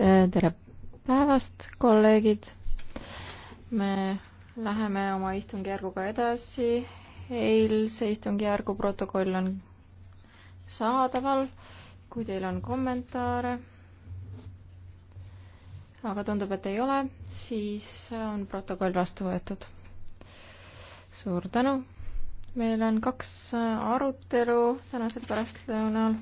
tere päevast, kolleegid. me läheme oma istungjärguga edasi. eilse istungjärgu protokoll on saadaval, kui teil on kommentaare. aga tundub, et ei ole, siis on protokoll vastu võetud. suur tänu meil on kaks arutelu tänasel pärastlõunal